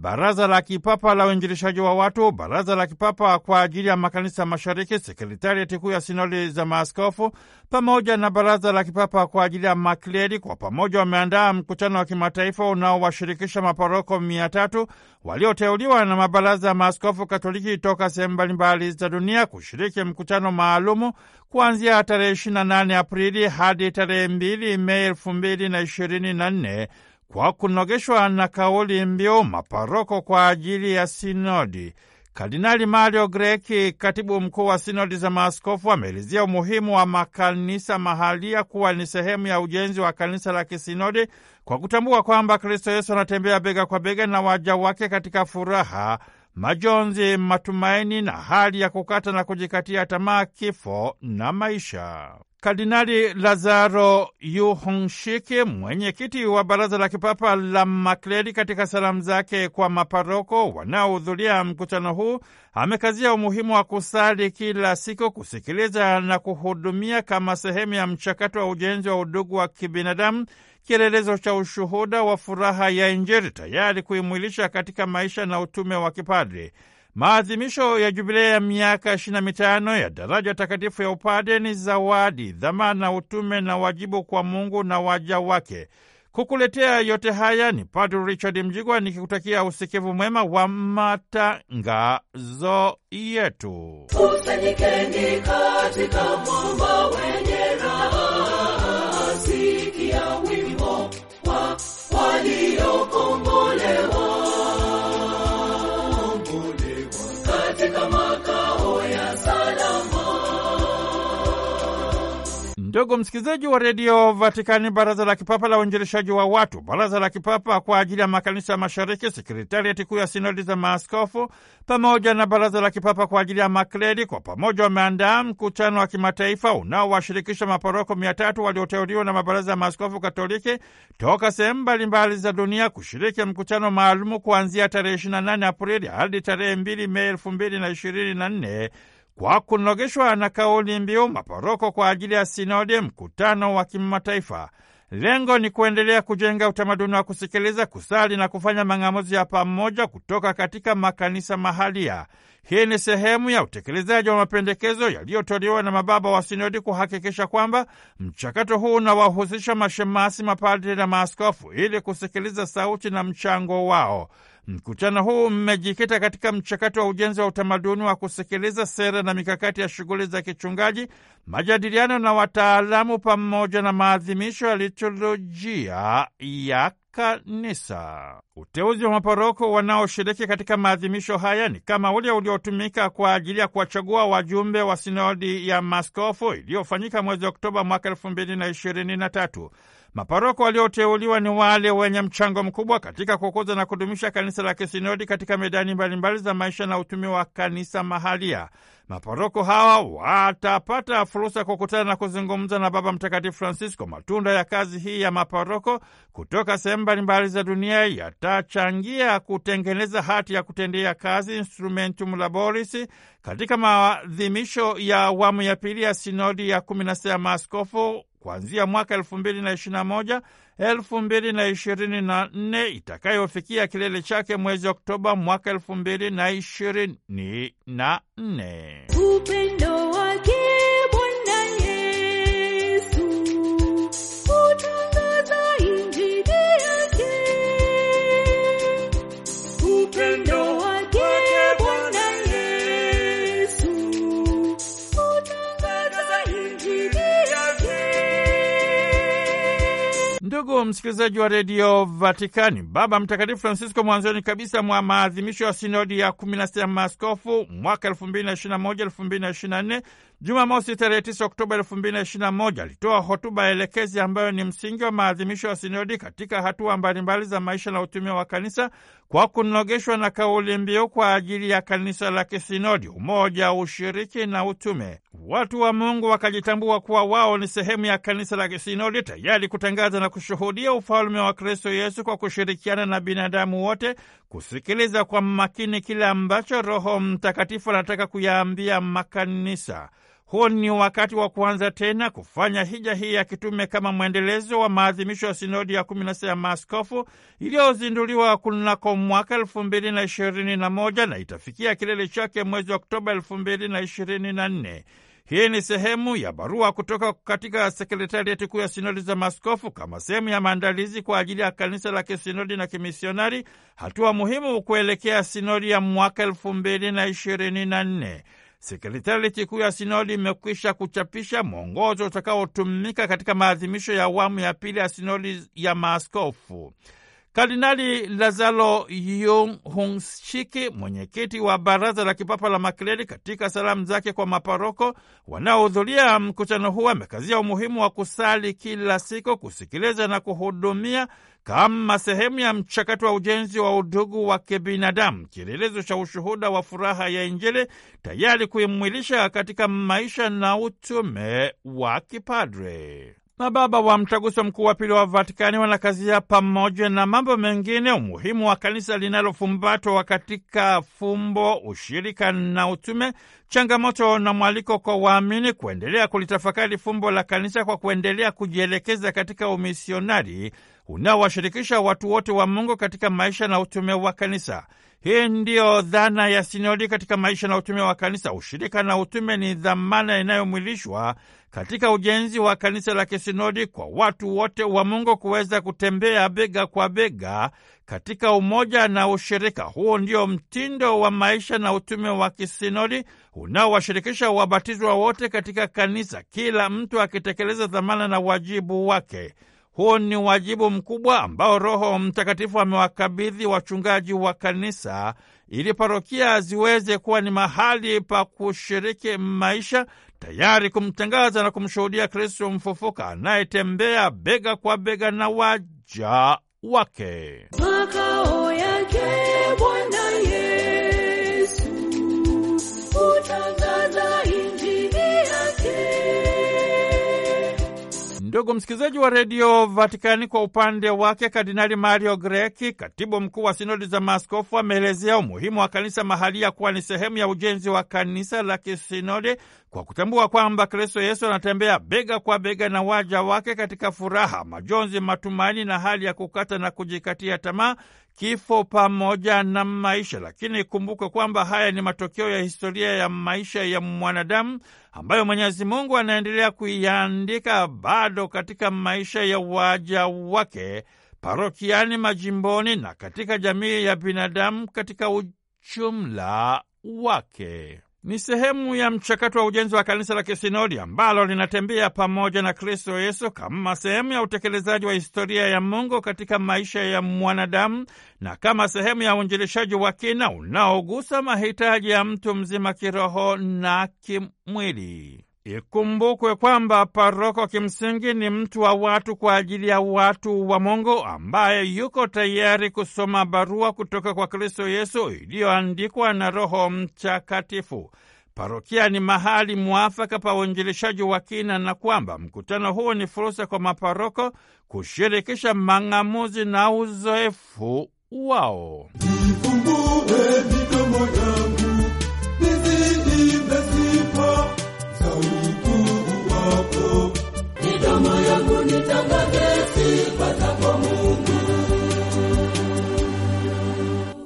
Baraza la Kipapa la Uinjilishaji wa Watu, Baraza la Kipapa kwa ajili ya Makanisa Mashariki, Sekretarieti Kuu ya Sinodi za Maaskofu pamoja na Baraza la Kipapa kwa ajili ya Makleri kwa pamoja wameandaa mkutano wa kimataifa unaowashirikisha maporoko mia tatu walioteuliwa na mabaraza ya maaskofu Katoliki toka sehemu mbalimbali za dunia kushiriki mkutano maalumu kuanzia tarehe 28 Aprili hadi tarehe 2 Mei 2024 kwa kunogeshwa na kauli mbiu maparoko kwa ajili ya sinodi. Kardinali Mario Greki, katibu mkuu wa sinodi za maaskofu, ameelezea umuhimu wa makanisa mahalia kuwa ni sehemu ya ujenzi wa kanisa la kisinodi kwa kutambua kwamba Kristo Yesu anatembea bega kwa bega na waja wake katika furaha, majonzi, matumaini na hali ya kukata na kujikatia tamaa, kifo na maisha. Kardinali Lazaro Yuhunshike, mwenyekiti wa Baraza la Kipapa la Makleri, katika salamu zake kwa maparoko wanaohudhuria mkutano huu, amekazia umuhimu wa kusali kila siku, kusikiliza na kuhudumia kama sehemu ya mchakato wa ujenzi wa udugu wa kibinadamu, kielelezo cha ushuhuda wa furaha ya Injili, tayari kuimwilisha katika maisha na utume wa kipadri. Maadhimisho ya jubilei ya miaka 25 ya daraja takatifu ya upade ni zawadi, dhamana, utume na wajibu kwa Mungu na waja wake. Kukuletea yote haya ni Padre Richard Mjigwa, nikikutakia usikivu mwema wa matangazo yetu. Kusanyikeni katika mwamba wenye raha, sikia wimbo wa waliokombolewa. Ndugu msikilizaji wa redio Vatikani, baraza la kipapa la uinjilishaji wa watu, baraza la kipapa kwa ajili ya makanisa ya mashariki, sekretariati kuu ya sinodi za maaskofu pamoja na baraza la kipapa kwa ajili ya makredi, kwa pamoja wameandaa mkutano wa kimataifa unaowashirikisha maporoko mia tatu walioteuliwa na mabaraza ya maaskofu katoliki toka sehemu mbalimbali za dunia kushiriki mkutano maalumu kuanzia tarehe 28 Aprili hadi tarehe 2 Mei 2024 kwa kunogeshwa na kauli mbiu maporoko kwa ajili ya sinodi, mkutano wa kimataifa. Lengo ni kuendelea kujenga utamaduni wa kusikiliza, kusali na kufanya mang'amuzi ya pamoja kutoka katika makanisa mahalia. Hii ni sehemu ya utekelezaji wa mapendekezo yaliyotolewa na mababa wa sinodi kuhakikisha kwamba mchakato huu unawahusisha mashemasi, mapadri na maaskofu ili kusikiliza sauti na mchango wao. Mkutano huu mmejikita katika mchakato wa ujenzi wa utamaduni wa kusikiliza sera na mikakati ya shughuli za kichungaji, majadiliano na wataalamu, pamoja na maadhimisho ya liturujia ya kanisa. Uteuzi wa maporoko wanaoshiriki katika maadhimisho haya ni kama ule uliotumika kwa ajili ya kuwachagua wajumbe wa sinodi ya maskofu iliyofanyika mwezi Oktoba mwaka elfu mbili na ishirini na tatu. Maparoko walioteuliwa ni wale wenye mchango mkubwa katika kukuza na kudumisha kanisa la kisinodi katika medani mbalimbali za maisha na utumi wa kanisa mahalia. Maparoko hawa watapata fursa ya kukutana na kuzungumza na Baba Mtakatifu Francisco. Matunda ya kazi hii ya maparoko kutoka sehemu mbalimbali za dunia yatachangia kutengeneza hati ya kutendea kazi Instrumentum Laboris katika maadhimisho ya awamu ya pili ya sinodi ya kumi na sita ya maaskofu kuanzia mwaka elfu mbili na ishirini na moja elfu mbili na ishirini na nne itakayofikia kilele chake mwezi Oktoba mwaka elfu mbili na ishirini na nne. msikilizaji wa redio Vatikani, Baba Mtakatifu Francisco mwanzoni kabisa mwa maadhimisho ya sinodi ya 16 ya maaskofu mwaka 2021 nne Jumamosi tarehe 9 Oktoba 2021 alitoa hotuba elekezi ambayo ni msingi wa maadhimisho ya sinodi katika hatua mbalimbali za maisha na utumia wa kanisa kwa kunogeshwa na kauli mbiu kwa ajili ya kanisa la kisinodi, umoja, ushiriki na utume. Watu wa Mungu wakajitambua kuwa wao ni sehemu ya kanisa la kisinodi, tayari kutangaza na kushuhudia ufalme wa Kristo Yesu kwa kushirikiana na binadamu wote, kusikiliza kwa makini kile ambacho Roho Mtakatifu anataka kuyaambia makanisa. Huu ni wakati wa kuanza tena kufanya hija hii ya kitume kama mwendelezo wa maadhimisho ya sinodi ya kumi na sita ya maaskofu iliyozinduliwa kunako mwaka elfu mbili na ishirini na moja na itafikia kilele chake mwezi Oktoba elfu mbili na ishirini na nne. Hii ni sehemu ya barua kutoka katika sekretarieti kuu ya sinodi za maskofu kama sehemu ya maandalizi kwa ajili ya kanisa la kisinodi na kimisionari, hatua muhimu kuelekea sinodi ya mwaka elfu mbili na ishirini na nne. Sekretarieti kuu ya sinodi imekwisha kuchapisha mwongozo utakaotumika katika maadhimisho ya awamu ya pili ya sinodi ya maaskofu. Kardinali Lazaro Hungshiki, mwenyekiti wa Baraza la Kipapa la Makleri, katika salamu zake kwa maparoko wanaohudhuria mkutano huo amekazia umuhimu wa kusali kila siku, kusikiliza na kuhudumia kama sehemu ya mchakato wa ujenzi wa udugu wa kibinadamu, kielelezo cha ushuhuda wa furaha ya Injili, tayari kuimwilisha katika maisha na utume wa kipadre. Mababa wa Mtaguso Mkuu wa Pili wa Vatikani wanakazia pamoja na mambo mengine umuhimu wa kanisa linalofumbatwa katika fumbo, ushirika na utume, changamoto na mwaliko kwa waamini kuendelea kulitafakari fumbo la kanisa kwa kuendelea kujielekeza katika umisionari unaowashirikisha watu wote wa Mungu katika maisha na utume wa kanisa. Hii ndiyo dhana ya sinodi katika maisha na utume wa kanisa. Ushirika na utume ni dhamana inayomwilishwa katika ujenzi wa kanisa la kisinodi kwa watu wote wa Mungu kuweza kutembea bega kwa bega katika umoja na ushirika. Huo ndio mtindo wa maisha na utume wa kisinodi unaowashirikisha wabatizwa wote katika kanisa, kila mtu akitekeleza dhamana na wajibu wake. Huu ni wajibu mkubwa ambao Roho Mtakatifu amewakabidhi wachungaji wa kanisa ili parokia ziweze kuwa ni mahali pa kushiriki maisha tayari kumtangaza na kumshuhudia Kristo mfufuka anayetembea bega kwa bega na waja wake Maka Ndugu msikilizaji wa redio Vatikani, kwa upande wake Kardinali Mario Greki, katibu mkuu wa sinodi za maaskofu, ameelezea umuhimu wa kanisa mahalia kuwa ni sehemu ya ujenzi wa kanisa la kisinodi kwa kutambua kwamba Kristo Yesu anatembea bega kwa bega na waja wake katika furaha, majonzi, matumaini na hali ya kukata na kujikatia tamaa kifo pamoja na maisha. Lakini ikumbukwe kwamba haya ni matokeo ya historia ya maisha ya mwanadamu ambayo Mwenyezi Mungu anaendelea kuiandika bado katika maisha ya waja wake parokiani, majimboni na katika jamii ya binadamu katika ujumla wake ni sehemu ya mchakato wa ujenzi wa kanisa la kisinodi ambalo linatembea pamoja na Kristo Yesu kama sehemu ya utekelezaji wa historia ya Mungu katika maisha ya mwanadamu na kama sehemu ya uinjilishaji wa kina unaogusa mahitaji ya mtu mzima kiroho na kimwili. Ikumbukwe kwamba paroko kimsingi ni mtu wa watu kwa ajili ya watu wa Mungu ambaye yuko tayari kusoma barua kutoka kwa Kristo Yesu iliyoandikwa na Roho Mtakatifu. Parokia ni mahali mwafaka pa uinjilishaji wa kina, na kwamba mkutano huu ni fursa kwa maparoko kushirikisha mang'amuzi na uzoefu wao.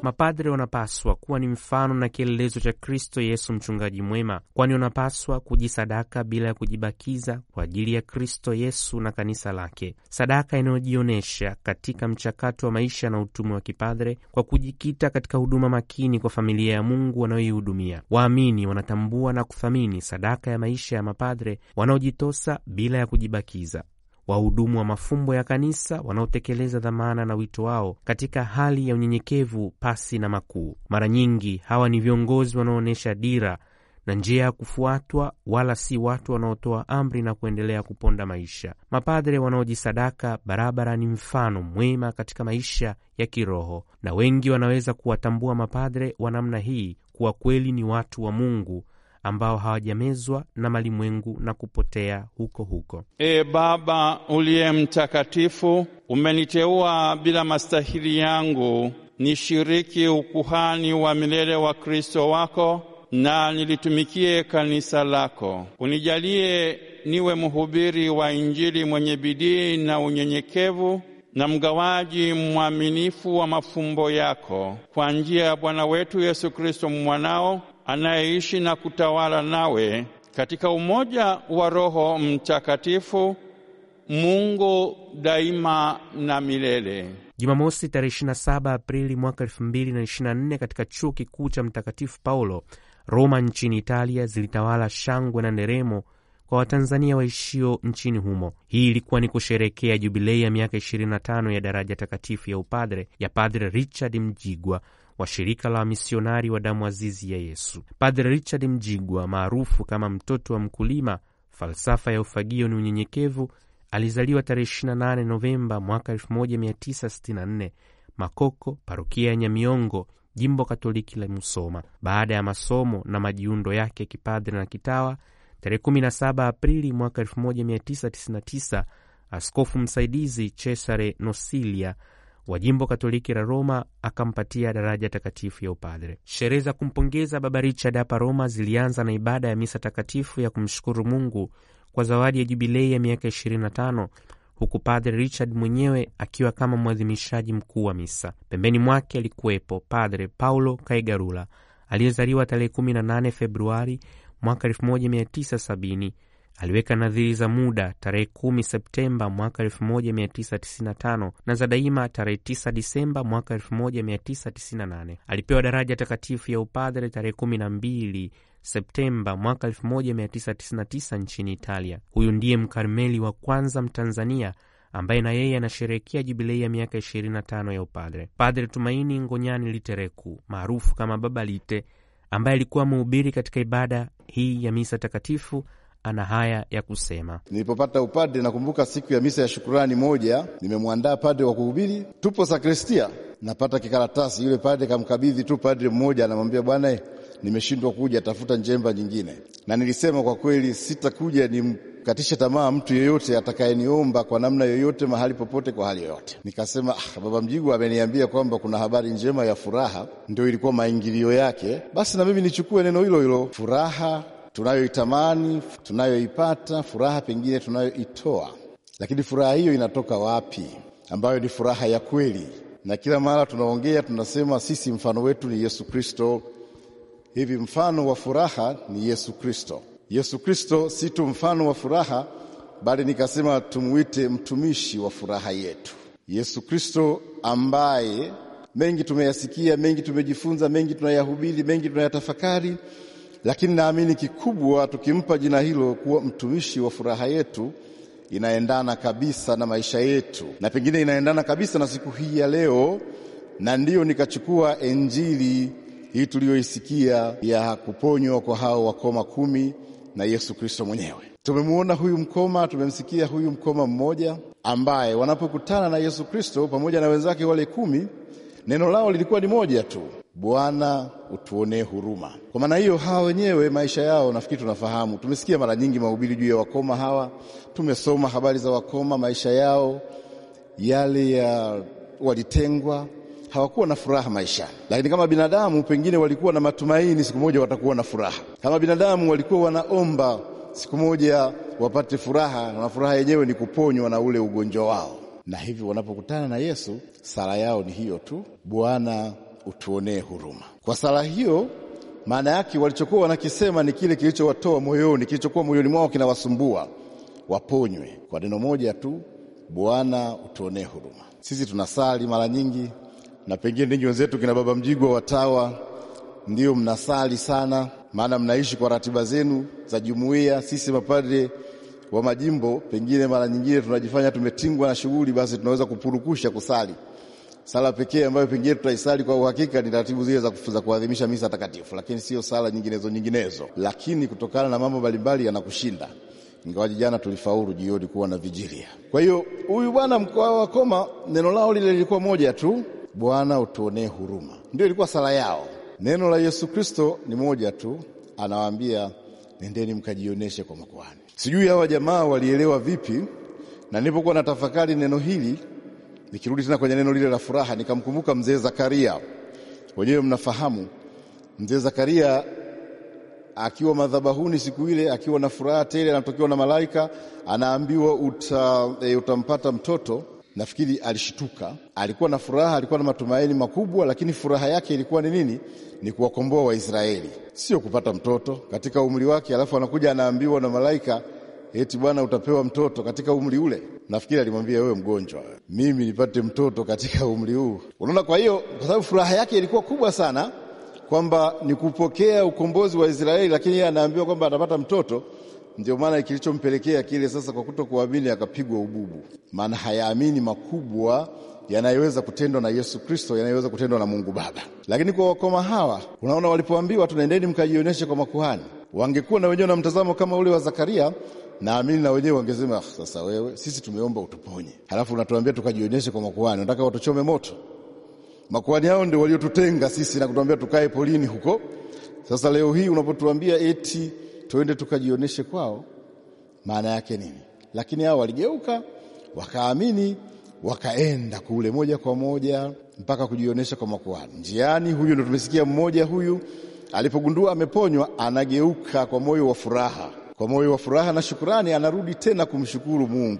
Mapadre wanapaswa kuwa ni mfano na kielelezo cha Kristo Yesu mchungaji mwema, kwani wanapaswa kujisadaka bila ya kujibakiza kwa ajili ya Kristo Yesu na kanisa lake, sadaka inayojionyesha katika mchakato wa maisha na utume wa kipadre kwa kujikita katika huduma makini kwa familia ya Mungu wanayoihudumia. Waamini wanatambua na kuthamini sadaka ya maisha ya mapadre wanaojitosa bila ya kujibakiza wahudumu wa mafumbo ya kanisa wanaotekeleza dhamana na wito wao katika hali ya unyenyekevu pasi na makuu. Mara nyingi hawa ni viongozi wanaoonyesha dira na njia ya kufuatwa, wala si watu wanaotoa amri na kuendelea kuponda maisha. Mapadre wanaojisadaka barabara ni mfano mwema katika maisha ya kiroho, na wengi wanaweza kuwatambua mapadre wa namna hii kuwa kweli ni watu wa Mungu ambao hawajamezwa na malimwengu na kupotea huko huko. E Baba uliye mtakatifu, umeniteua bila mastahili yangu nishiriki ukuhani wa milele wa Kristo wako na nilitumikie kanisa lako. Unijalie niwe mhubiri wa Injili mwenye bidii na unyenyekevu na mgawaji mwaminifu wa mafumbo yako, kwa njia ya Bwana wetu Yesu Kristo mwanao anayeishi na kutawala nawe katika umoja wa Roho Mtakatifu, Mungu daima na milele. Jumamosi tarehe 27 Aprili mwaka 2024 katika chuo kikuu cha Mtakatifu Paulo Roma nchini Italia zilitawala shangwe na nderemo kwa Watanzania waishio nchini humo. Hii ilikuwa ni kusherekea jubilei ya miaka 25 ya daraja takatifu ya upadre ya Padre Richard Mjigwa wa shirika la wamisionari wa damu azizi ya Yesu. Padre Richard Mjigwa, maarufu kama mtoto wa mkulima, falsafa ya ufagio ni unyenyekevu, alizaliwa tarehe 28 Novemba mwaka 1964 Makoko, parokia ya Nyamiongo, jimbo Katoliki la Musoma. Baada ya masomo na majiundo yake kipadre na kitawa, tarehe 17 Aprili mwaka 1999 askofu msaidizi Cesare Nosilia wa jimbo Katoliki la Roma akampatia daraja takatifu ya upadre. Sherehe za kumpongeza Baba Richard hapa Roma zilianza na ibada ya misa takatifu ya kumshukuru Mungu kwa zawadi ya jubilei ya miaka 25 huku Padre Richard mwenyewe akiwa kama mwadhimishaji mkuu wa misa. Pembeni mwake alikuwepo Padre Paulo Kaigarula aliyezaliwa tarehe 18 Februari mwaka 1970 Aliweka nadhiri za muda tarehe 10 Septemba mwaka 1995 na za daima tarehe 9 Disemba mwaka 1998. Alipewa daraja takatifu ya upadre tarehe 12 Septemba mwaka 1999 nchini Italia. Huyu ndiye Mkarmeli wa kwanza Mtanzania ambaye na yeye anasherehekea jubilei ya miaka 25 ya upadre. Padre Tumaini Ngonyani Litereku maarufu kama Baba Lite, ambaye alikuwa mhubiri katika ibada hii ya misa takatifu ana haya ya kusema. Nilipopata upadre, nakumbuka siku ya misa ya shukurani moja, nimemwandaa padre wa kuhubiri, tupo sakristia, napata kikaratasi, yule padre kamkabidhi tu padre mmoja, anamwambia bwana, nimeshindwa kuja, tafuta njemba nyingine. Na nilisema kwa kweli sitakuja ni katisha tamaa mtu yeyote atakayeniomba kwa namna yoyote mahali popote kwa hali yoyote. Nikasema ah, Baba Mjigwa ameniambia kwamba kuna habari njema ya furaha, ndio ilikuwa maingilio yake, basi na mimi nichukue neno hilo hilo, furaha tunayoitamani, tunayoipata, furaha pengine tunayoitoa, lakini furaha hiyo inatoka wapi, ambayo ni furaha ya kweli? Na kila mara tunaongea tunasema, sisi mfano wetu ni Yesu Kristo. Hivi mfano wa furaha ni Yesu Kristo. Yesu Kristo si tu mfano wa furaha, bali nikasema tumwite mtumishi wa furaha yetu. Yesu Kristo ambaye mengi tumeyasikia, mengi tumejifunza, mengi tunayahubiri, mengi tunayatafakari lakini naamini kikubwa, tukimpa jina hilo kuwa mtumishi wa furaha yetu, inaendana kabisa na maisha yetu, na pengine inaendana kabisa na siku hii ya leo, na ndiyo nikachukua Injili hii tuliyoisikia ya kuponywa kwa hao wakoma kumi na Yesu Kristo mwenyewe. Tumemwona huyu mkoma, tumemsikia huyu mkoma mmoja ambaye wanapokutana na Yesu Kristo pamoja na wenzake wale kumi, neno lao lilikuwa ni moja tu Bwana utuonee huruma. Kwa maana hiyo, hawa wenyewe maisha yao nafikiri tunafahamu, tumesikia mara nyingi mahubiri juu ya wakoma hawa, tumesoma habari za wakoma, maisha yao yale ya walitengwa, hawakuwa na furaha maisha, lakini kama binadamu pengine walikuwa na matumaini siku moja watakuwa na furaha. Kama binadamu walikuwa wanaomba siku moja wapate furaha, na furaha yenyewe ni kuponywa na ule ugonjwa wao, na hivyo wanapokutana na Yesu, sala yao ni hiyo tu, Bwana utuonee huruma. Kwa sala hiyo, maana yake walichokuwa wanakisema ni kile kilichowatoa moyoni, kilichokuwa moyoni mwao kinawasumbua, waponywe kwa neno moja tu, Bwana utuonee huruma. Sisi tunasali mara nyingi, na pengine ninyi wenzetu kina Baba Mjigwa watawa ndio mnasali sana, maana mnaishi kwa ratiba zenu za jumuiya. Sisi mapadre wa majimbo pengine mara nyingine tunajifanya tumetingwa na shughuli, basi tunaweza kupurukusha kusali. Sala pekee ambayo pengine tutaisali kwa uhakika ni taratibu zile za kuadhimisha misa takatifu, lakini sio sala nyinginezo nyinginezo, lakini kutokana na mambo mbalimbali yanakushinda ingawaji jana tulifaulu jioni kuwa na vijilia. Kwa hiyo huyu bwana mkoa wa Koma, neno lao lile lilikuwa moja tu, Bwana utuonee huruma. Ndio ilikuwa sala yao. Neno la Yesu Kristo ni moja tu, anawaambia nendeni mkajionyeshe kwa makuhani. Sijui hawa jamaa walielewa vipi, na nilipokuwa na tafakari neno hili nikirudi tena kwenye neno lile la furaha, nikamkumbuka mzee Zakaria. Wenyewe mnafahamu mzee Zakaria akiwa madhabahuni siku ile, akiwa na furaha tele, anatokiwa na malaika, anaambiwa uta, e, utampata mtoto. Nafikiri alishituka, alikuwa na furaha, alikuwa na matumaini makubwa, lakini furaha yake ilikuwa ni nini? Ni kuwakomboa Waisraeli, sio kupata mtoto katika umri wake. Alafu anakuja anaambiwa na malaika eti bwana, utapewa mtoto katika umri ule. Nafikiri alimwambia wewe mgonjwa, mimi nipate mtoto katika umri huu. Unaona, kwa hiyo kwa sababu furaha yake ilikuwa kubwa sana kwamba ni kupokea ukombozi wa Israeli, lakini yeye anaambiwa kwamba atapata mtoto. Ndio maana kilichompelekea kile sasa, kwa kuto kuamini akapigwa ububu, maana hayaamini makubwa yanayoweza kutendwa na Yesu Kristo, yanayoweza kutendwa na Mungu Baba. Lakini kwa wakoma hawa, unaona, walipoambiwa tunaendeni mkajionyeshe kwa makuhani, wangekuwa na wenyewe na mtazamo kama ule wa Zakaria naamini na wenyewe wangesema ah, sasa, wewe, sisi tumeomba utuponye, halafu unatuambia tukajionyeshe kwa makuhani, nataka watuchome moto. Makuhani hao ndio waliotutenga sisi na kutuambia tukae polini huko. Sasa leo hii unapotuambia eti tuende tukajionyeshe kwao, maana yake nini? Lakini hao waligeuka wakaamini, wakaenda kule moja kwa moja mpaka kujionyesha kwa makuhani. Njiani huyu ndo tumesikia mmoja huyu alipogundua ameponywa, anageuka kwa moyo wa furaha kwa moyo wa furaha na shukurani, anarudi tena kumshukuru Mungu,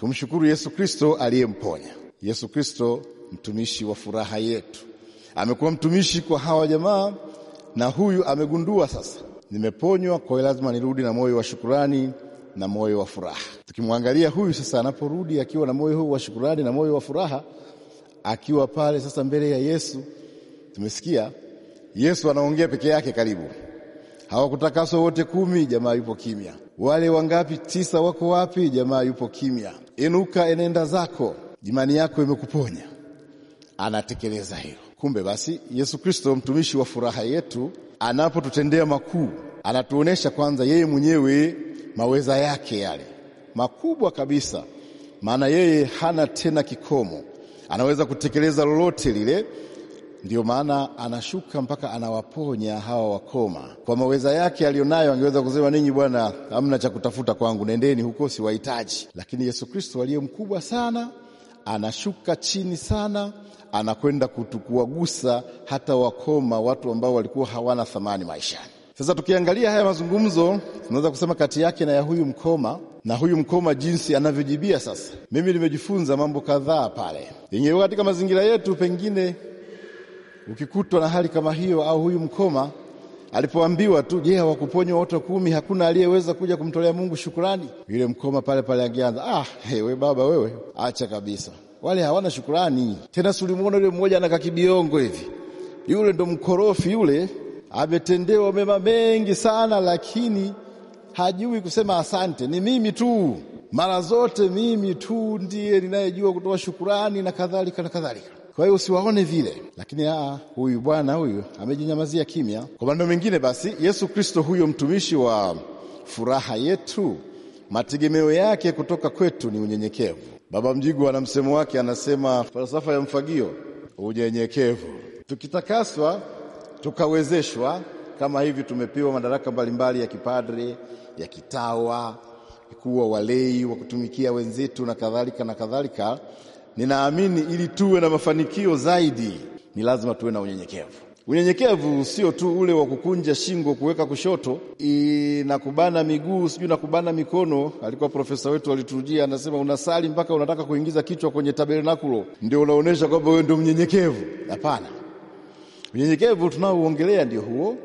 kumshukuru Yesu Kristo aliyemponya. Yesu Kristo mtumishi wa furaha yetu amekuwa mtumishi kwa hawa jamaa, na huyu amegundua sasa, nimeponywa, kwa hiyo lazima nirudi na moyo wa shukurani na moyo wa furaha. Tukimwangalia huyu sasa, anaporudi akiwa na moyo huu wa shukurani na moyo wa furaha, akiwa pale sasa mbele ya Yesu, tumesikia Yesu anaongea peke yake karibu Hawakutakaswa wote kumi? Jamaa yupo kimya. Wale wangapi? Tisa. Wako wapi? Jamaa yupo kimya. Inuka, enenda zako, imani yako imekuponya. Anatekeleza hilo. Kumbe basi, Yesu Kristo mtumishi wa furaha yetu anapotutendea makuu, anatuonyesha kwanza yeye mwenyewe maweza yake yale makubwa kabisa, maana yeye hana tena kikomo, anaweza kutekeleza lolote lile Ndiyo maana anashuka mpaka anawaponya hawa wakoma. Kwa maweza yake aliyonayo, angeweza kusema ninyi bwana, hamna cha kutafuta kwangu, nendeni huko, siwahitaji. Lakini Yesu Kristo aliye mkubwa sana anashuka chini sana, anakwenda kutukuwagusa hata wakoma, watu ambao walikuwa hawana thamani maishani. Sasa tukiangalia haya mazungumzo, tunaweza kusema kati yake na ya huyu mkoma na huyu mkoma jinsi anavyojibia. Sasa mimi nimejifunza mambo kadhaa pale yenyewe katika mazingira yetu, pengine Ukikutwa na hali kama hiyo au huyu mkoma alipoambiwa tu, je, hawakuponywa wote kumi? Hakuna aliyeweza kuja kumtolea Mungu shukurani? Yule mkoma pale pale angeanza ah, we baba wewe, acha kabisa, wale hawana shukurani tena. Sulimuona yule mmoja anakaa kibiongo hivi, yule ndo mkorofi yule, ametendewa mema mengi sana, lakini hajui kusema asante. Ni mimi tu, mara zote mimi tu ndiye ninayejua kutoa shukurani na kadhalika na kadhalika. Kwa hiyo usiwaone vile, lakini aa, ah, ah, huyu bwana huyu amejinyamazia kimya. Kwa maneno mengine, basi Yesu Kristo huyo mtumishi wa furaha yetu, mategemeo yake kutoka kwetu ni unyenyekevu. Baba Mjigwa na msemo wake anasema, falsafa ya mfagio, unyenyekevu. Tukitakaswa tukawezeshwa kama hivi, tumepewa madaraka mbalimbali ya kipadre, ya kitawa, kuwa walei wa kutumikia wenzetu na kadhalika na kadhalika. Ninaamini ili tuwe na mafanikio zaidi ni lazima tuwe na unyenyekevu. Unyenyekevu sio tu ule wa kukunja shingo, kuweka kushoto, kubana miguu, sijui nakubana mikono. Alikuwa profesa wetu aliturujia, anasema unasali mpaka unataka kuingiza kichwa kwenye tabernakulo, ndio unaonyesha kwamba wewe ndio mnyenyekevu. Hapana, unyenyekevu tunaouongelea ndio huo,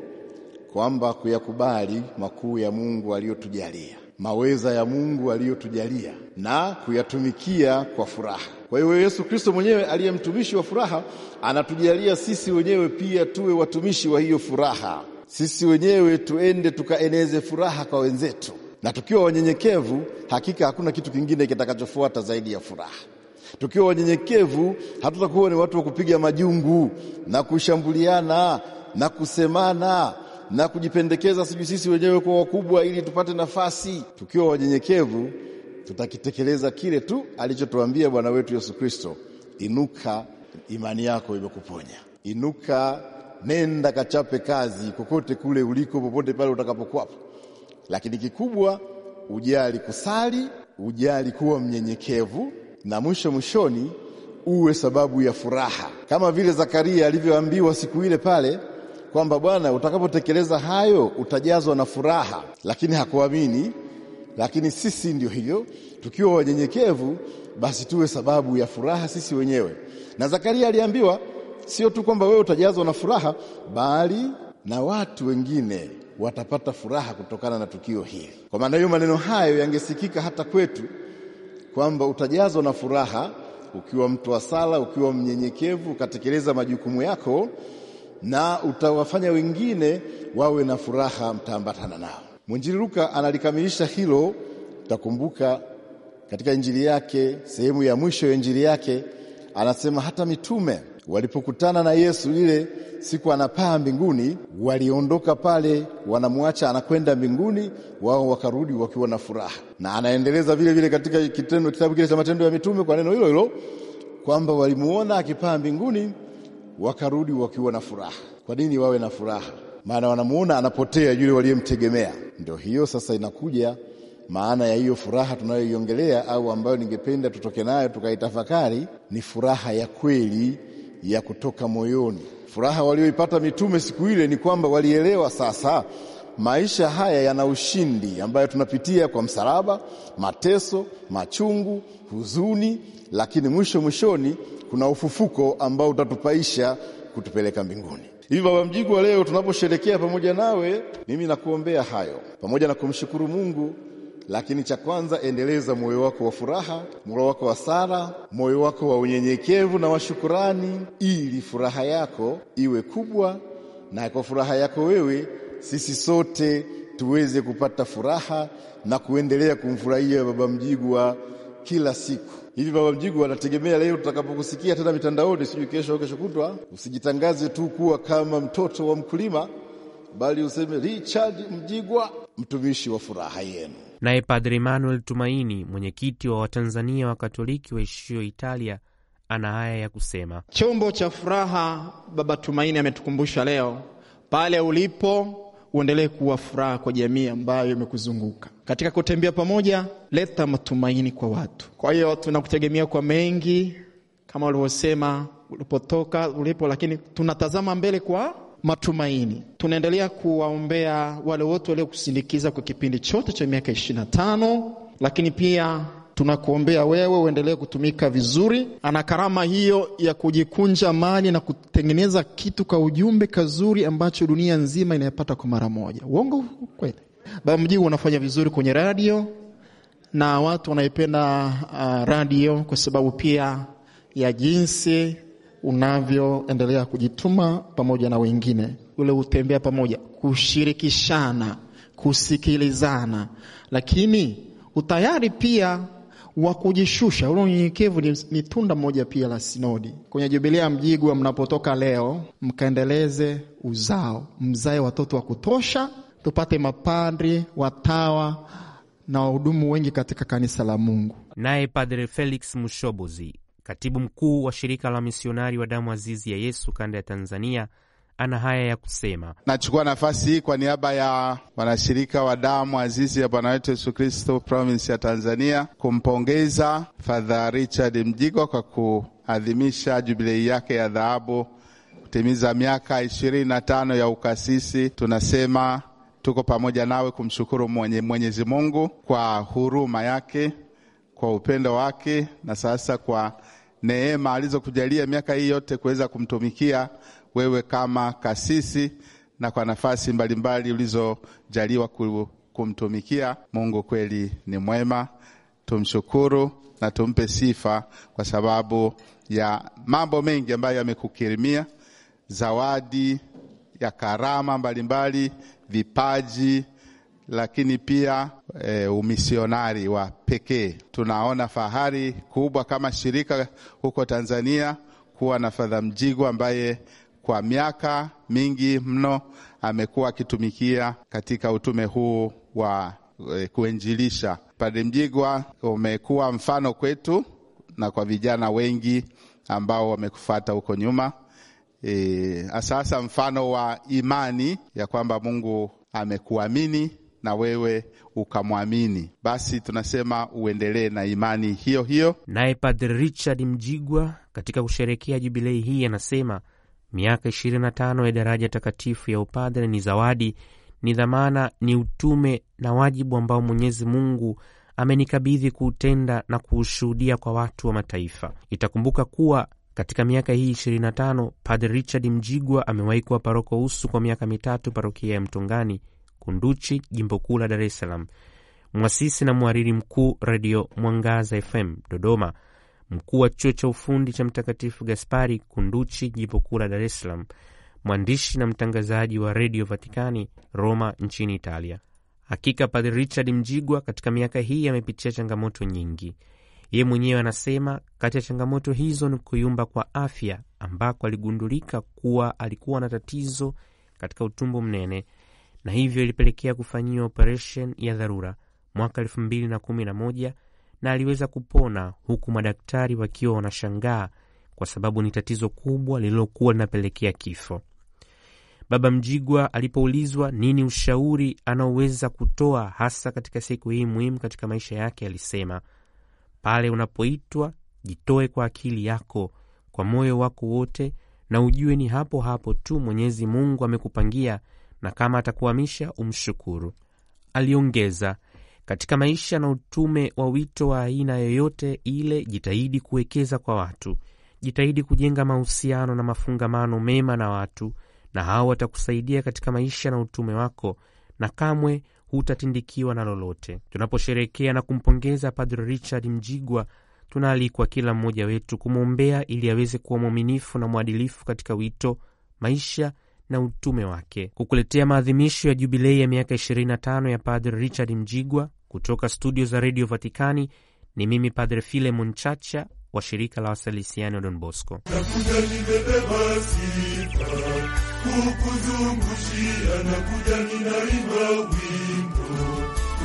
kwamba kuyakubali makuu ya Mungu aliyotujalia maweza ya Mungu aliyotujalia na kuyatumikia kwa furaha. Kwa hiyo Yesu Kristo mwenyewe aliye mtumishi wa furaha anatujalia sisi wenyewe pia tuwe watumishi wa hiyo furaha. Sisi wenyewe tuende tukaeneze furaha kwa wenzetu, na tukiwa wanyenyekevu, hakika hakuna kitu kingine kitakachofuata zaidi ya furaha. Tukiwa wanyenyekevu, hatutakuwa ni watu wa kupiga majungu na kushambuliana na kusemana na kujipendekeza sijui sisi wenyewe kwa wakubwa ili tupate nafasi. Tukiwa wanyenyekevu, tutakitekeleza kile tu alichotuambia Bwana wetu Yesu Kristo, inuka, imani yako imekuponya. Inuka, nenda kachape kazi kokote kule uliko, popote pale utakapokuwapo. Lakini kikubwa ujali kusali, ujali kuwa mnyenyekevu, na mwisho mwishoni uwe sababu ya furaha, kama vile Zakaria alivyoambiwa siku ile pale kwamba bwana, utakapotekeleza hayo utajazwa na furaha, lakini hakuamini. Lakini sisi ndio hiyo, tukiwa wanyenyekevu, basi tuwe sababu ya furaha sisi wenyewe. Na Zakaria aliambiwa sio tu kwamba wewe utajazwa na furaha, bali na watu wengine watapata furaha kutokana na tukio hili. Kwa maana hiyo, maneno hayo yangesikika hata kwetu kwamba utajazwa na furaha ukiwa mtu wa sala, ukiwa mnyenyekevu, ukatekeleza majukumu yako na utawafanya wengine wawe na furaha, mtaambatana nao. Mwinjili Luka analikamilisha hilo. takumbuka katika injili yake, sehemu ya mwisho ya injili yake, anasema hata mitume walipokutana na Yesu ile siku anapaa mbinguni, waliondoka pale, wanamwacha anakwenda mbinguni, wao wakarudi wakiwa na furaha. Na anaendeleza vile vile katika kitendo kitabu kile cha Matendo ya Mitume kwa neno hilo hilo kwamba walimuona akipaa mbinguni, wakarudi wakiwa na furaha. Kwa nini wawe na furaha? Maana wanamuona anapotea yule waliyemtegemea. Ndio hiyo sasa inakuja maana ya hiyo furaha tunayoiongelea au ambayo ningependa tutoke nayo tukaitafakari, ni furaha ya kweli ya kutoka moyoni. Furaha walioipata mitume siku ile ni kwamba walielewa sasa maisha haya yana ushindi ambayo tunapitia kwa msalaba, mateso, machungu, huzuni, lakini mwisho mwishoni kuna ufufuko ambao utatupaisha kutupeleka mbinguni. Hivi Baba Mjigwa, leo tunaposherekea pamoja nawe, mimi nakuombea hayo pamoja na kumshukuru Mungu. Lakini cha kwanza, endeleza moyo wako wa furaha, moyo wako wa sala, moyo wako wa unyenyekevu na wa shukurani, ili furaha yako iwe kubwa, na kwa furaha yako wewe sisi sote tuweze kupata furaha na kuendelea kumfurahia Baba Mjigwa kila siku. Hivi Baba Mjigwa wanategemea leo tutakapokusikia tena mitandaoni, sijui kesho au kesho kutwa, usijitangaze tu kuwa kama mtoto wa mkulima, bali useme Richard Mjigwa, mtumishi wa furaha yenu. Naye Padre Manuel Tumaini, mwenyekiti wa Watanzania wa Katoliki waishio Italia, ana haya ya kusema. Chombo cha furaha, Baba Tumaini ametukumbusha leo, pale ulipo uendelee kuwa furaha kwa jamii ambayo imekuzunguka katika kutembea pamoja, leta matumaini kwa watu. Kwa hiyo tunakutegemea kwa mengi kama ulivyosema ulipotoka ulipo, lakini tunatazama mbele kwa matumaini. Tunaendelea kuwaombea wale wote waliokusindikiza kwa kipindi chote cha miaka ishirini na tano, lakini pia tunakuombea wewe uendelee kutumika vizuri. Ana karama hiyo ya kujikunja mali na kutengeneza kitu kwa ujumbe kazuri ambacho dunia nzima inayopata kwa mara moja. Uongo kweli? Baba Mjigwa unafanya vizuri kwenye radio na watu wanaipenda uh, radio kwa sababu pia ya jinsi unavyoendelea kujituma pamoja na wengine, ule utembea pamoja, kushirikishana, kusikilizana, lakini utayari pia wa kujishusha, ule unyenyekevu ni tunda moja pia la sinodi. Kwenye jubilia ya Mjigwa mnapotoka leo, mkaendeleze uzao, mzae watoto wa kutosha tupate mapadri, watawa na wahudumu wengi katika kanisa la Mungu. Naye Padre Felix Mushobozi, katibu mkuu wa shirika la misionari wa damu azizi ya Yesu kanda ya Tanzania, ana haya ya kusema. Nachukua nafasi hii kwa niaba ya wanashirika wa damu azizi ya Bwana wetu Yesu Kristo province ya Tanzania kumpongeza Fadha Richard Mjigwa kwa kuadhimisha jubilei yake ya dhahabu kutimiza miaka ishirini na tano ya ukasisi. Tunasema tuko pamoja nawe kumshukuru mwenye Mwenyezi Mungu kwa huruma yake, kwa upendo wake, na sasa kwa neema alizokujalia miaka hii yote kuweza kumtumikia wewe kama kasisi na kwa nafasi mbalimbali ulizojaliwa kumtumikia. Mungu kweli ni mwema, tumshukuru na tumpe sifa kwa sababu ya mambo mengi ambayo yamekukirimia zawadi ya karama mbalimbali, vipaji lakini pia e, umisionari wa pekee. Tunaona fahari kubwa kama shirika huko Tanzania kuwa na Fadha Mjigwa ambaye kwa miaka mingi mno amekuwa akitumikia katika utume huu wa e, kuenjilisha. Padre Mjigwa, umekuwa mfano kwetu na kwa vijana wengi ambao wamekufuata huko nyuma E, hasa e, mfano wa imani ya kwamba Mungu amekuamini na wewe ukamwamini, basi tunasema uendelee na imani hiyo hiyo. Naye Padre Richard Mjigwa katika kusherekea jubilei hii anasema miaka 25 ya daraja takatifu ya upadre ni zawadi, ni dhamana, ni utume na wajibu ambao Mwenyezi Mungu amenikabidhi kuutenda na kuushuhudia kwa watu wa mataifa. Itakumbuka kuwa katika miaka hii 25 Padre Richard Mjigwa amewahi kuwa paroko usu kwa miaka mitatu parokia ya Mtongani, Kunduchi, jimbo kuu la Dar es Salaam, mwasisi na mhariri mkuu redio Mwangaza FM Dodoma, mkuu wa chuo cha ufundi cha Mtakatifu Gaspari Kunduchi, jimbo kuu la Dar es Salaam, mwandishi na mtangazaji wa redio Vatikani Roma nchini Italia. Hakika Padre Richard Mjigwa katika miaka hii amepitia changamoto nyingi. Yeye mwenyewe anasema kati ya changamoto hizo ni kuyumba kwa afya, ambako aligundulika kuwa alikuwa na tatizo katika utumbo mnene na hivyo ilipelekea kufanyiwa operesheni ya dharura mwaka elfu mbili na kumi na moja na aliweza kupona, huku madaktari wakiwa wanashangaa kwa sababu ni tatizo kubwa lililokuwa linapelekea kifo. Baba Mjigwa alipoulizwa nini ushauri anaoweza kutoa hasa katika siku hii muhimu katika maisha yake, alisema pale unapoitwa, jitoe kwa akili yako, kwa moyo wako wote, na ujue ni hapo hapo tu Mwenyezi Mungu amekupangia, na kama atakuhamisha umshukuru. Aliongeza, katika maisha na utume wa wito wa aina yoyote ile, jitahidi kuwekeza kwa watu, jitahidi kujenga mahusiano na mafungamano mema na watu, na hao watakusaidia katika maisha na utume wako, na kamwe hutatindikiwa na lolote. Tunaposherekea na kumpongeza Padre Richard Mjigwa, tunaalikwa kila mmoja wetu kumwombea ili aweze kuwa mwaminifu na mwadilifu katika wito, maisha na utume wake. Kukuletea maadhimisho ya jubilei ya miaka 25 ya Padre Richard Mjigwa kutoka studio za redio Vatikani, ni mimi Padre Filemon Chacha wa shirika la Wasalisiani wa Don Bosco kukuzungushia na kuja ninaimba wimbo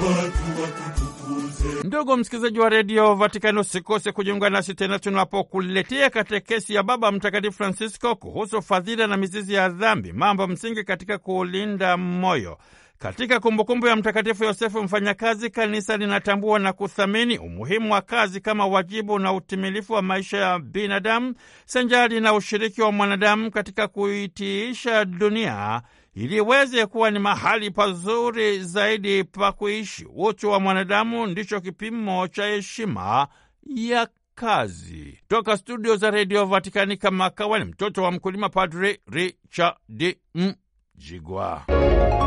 watu wakutukuze. Ndugu msikilizaji wa redio Vatikani, usikose kujiunga nasi tena tunapokuletea katekesi ya Baba Mtakatifu Francisco kuhusu fadhila na mizizi ya dhambi, mambo msingi katika kuulinda moyo katika kumbukumbu ya Mtakatifu Yosefu Mfanyakazi, kanisa linatambua na kuthamini umuhimu wa kazi kama wajibu na utimilifu wa maisha ya binadamu sanjari na ushiriki wa mwanadamu katika kuitiisha dunia ili iweze kuwa ni mahali pazuri zaidi pa kuishi. Utu wa mwanadamu ndicho kipimo cha heshima ya kazi. Toka studio za redio Vatikani, kama kawa ni mtoto wa mkulima, Padri Richard Mjigwa.